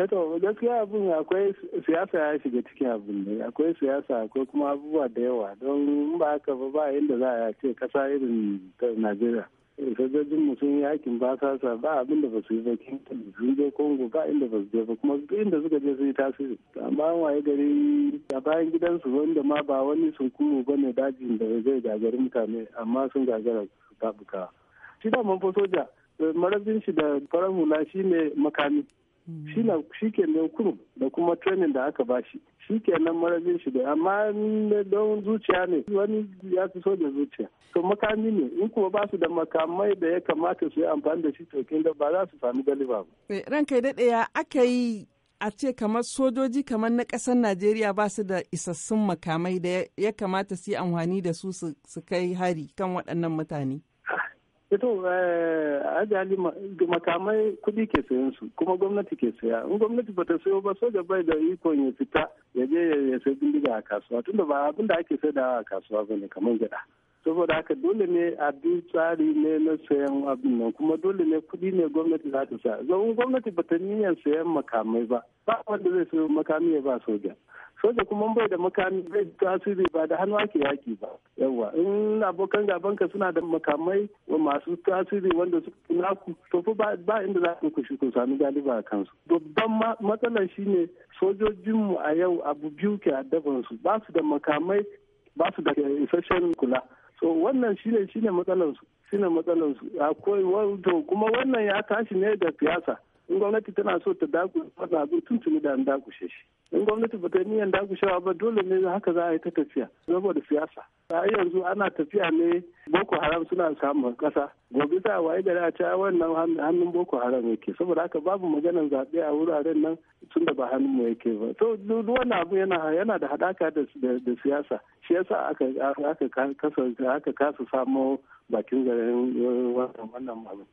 Eh to gaskiya abin akwai siyasa ya shiga cikin abin ne akwai siyasa akwai kuma abubuwa da yawa don ba haka ba ba yadda za a ce kasa irin ta najeriya sojojin mu sun yakin ba sa ba abin da ba su yi ba sun je congo ba inda ba su je ba kuma inda suka je su yi tasiri amma waye gari a bayan gidansu wanda ma ba wani sunkuru ba ne dajin da zai gagari mutane amma sun gagara su tabuka shi da manfa soja eh, marabin shi da farar hula ne makami Hmm. shi kenan kurum da kuma training da aka bashi shi kenan marazin shi da amma don zuciya ne wani ya fi so da zuciya to makami ne in kuma ba su da makamai da ya kamata su yi amfani da shi tokin da ba za su sami galiba ba. Eh, ranka ya daɗe ya aka yi a ce kamar sojoji kamar na ƙasar najeriya ba su da isassun makamai da ya kamata su yi amfani da su su kai hari kan waɗannan mutane. to eh, ajali makamai kuɗi ke sayan su kuma gwamnati ke saya in gwamnati bata sayo ba soja bai da ikon ya fita ya je ya sayi bindiga a kasuwa tunda ba abin da ake saidawa a kasuwa bane kamar gyaɗa saboda haka dole ne a bi tsari ne na sayan abin nan kuma dole ne kuɗi ne gwamnati za ta sa zaun gwamnati bata niyyar sayan makamai ba ba wanda zai sayo makami ya ba soja soja kuma bai da makami zai tasiri ba da hannu ake yaki ba yawa in abokan gabanka suna da makamai masu tasiri wanda su naku to fa ba inda za ku kushi ku sami galiba a kansu babban matsalar shine sojojinmu a yau abu biyu ke addaban su ba su da makamai ba su da isasshen kula so wannan shine shine matsalar su shine matsalar su akwai wato kuma wannan ya tashi ne da siyasa in gwamnati tana so ta dakushe wannan abin tuntuni da an dakushe shi in gwamnati ba ta niyan dagushewa ba dole ne haka za a yi ta tafiya saboda siyasa a yanzu ana tafiya ne boko haram suna samun kasa gobe za a waye gari a ce wannan hannun boko haram yake saboda haka babu maganar zaɓe a wuraren nan tun da ba hannun mu yake ba to duk abu yana yana da haɗaka da siyasa shi yasa aka aka kasa aka kasa samo bakin garin wannan abin